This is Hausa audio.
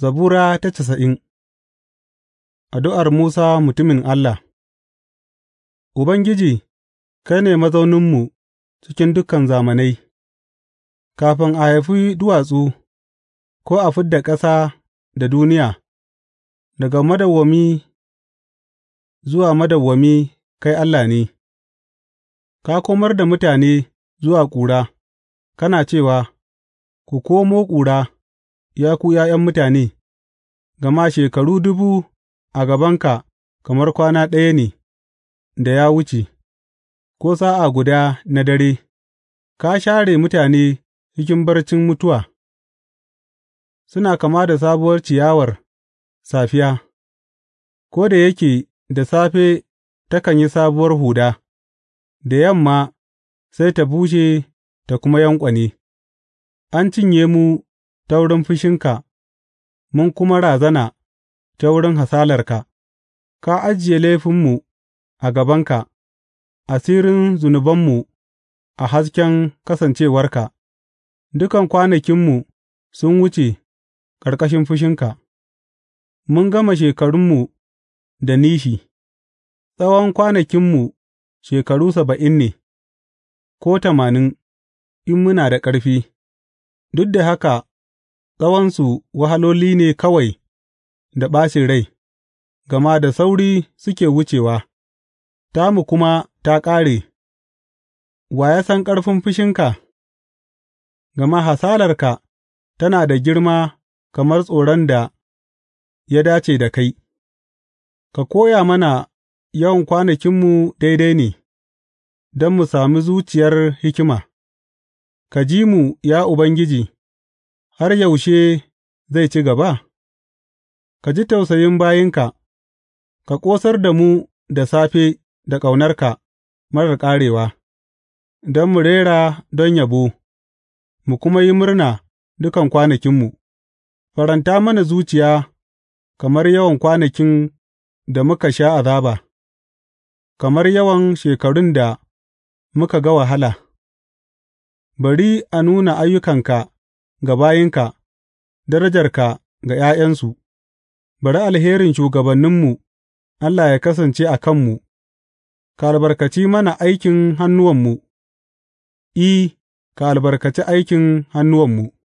Zabura ta casa'in Addu'ar Musa mutumin Allah Ubangiji, kai ne mazauninmu cikin dukan zamanai; kafin a haifi duwatsu, ko a fid da ƙasa da duniya, daga madawwami zuwa madawwami kai Allah ne, ka komar da mutane zuwa ƙura, kana cewa, Ku komo ƙura. ya ku ’ya'yan mutane, gama shekaru dubu a gabanka kamar kwana ɗaya ne da ya wuce, ko sa'a guda na dare; ka share mutane cikin barcin mutuwa, suna kama da sabuwar ciyawar safiya, ko da yake da safe takan yi sabuwar huda, da yamma sai ta bushe ta kuma yanƙwane, an cinye mu. ta wurin fushinka mun kuma razana ta wurin hasalarka; ka ajiye laifinmu a gabanka, asirin zunubanmu a hasken kasancewarka; dukan kwanakinmu sun wuce ƙarƙashin fushinka, mun gama shekarunmu da nishi, tsawon kwanakinmu shekaru saba'in ne, ko tamanin, in muna da ƙarfi, duk da haka Tsawonsu wahaloli ne kawai da ɓacin rai, gama da sauri suke wucewa, tamu kuma ta ƙare, wa ya san ƙarfin fushinka, gama hasalarka tana da girma kamar tsoron da ya dace da kai; ka koya mana yawan kwanakinmu daidai ne, don mu sami zuciyar hikima; ka ji mu, ya Ubangiji. har yaushe zai ci gaba? Ka ji tausayin bayinka, ka ƙosar da mu da safe da ƙaunarka marar ƙarewa, don mu rera don yabo, mu kuma yi murna dukan kwanakinmu, faranta mana zuciya kamar yawan kwanakin da muka sha azaba, kamar yawan shekarun da muka ga wahala. Bari a nuna ayyukanka. ga bayinka, darajarka ga ’ya'yansu, bari alherin shugabanninmu Allah ya kasance a kanmu, ka albarkaci mana aikin hannuwanmu, I, ka albarkaci aikin hannuwanmu.